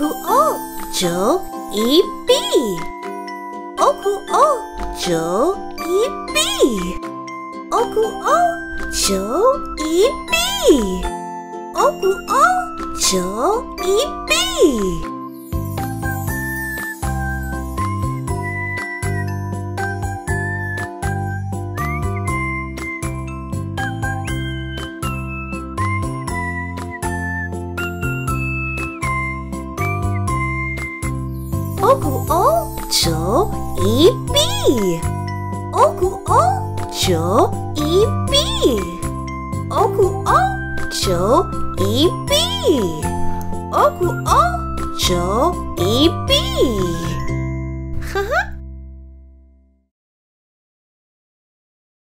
Oku o jo e b. Oku o jo e b. Oku o jo e b. Oku o jo e b. Oku o cho i bi. Oku o cho E B. Oku o cho E B. Oku o cho E B.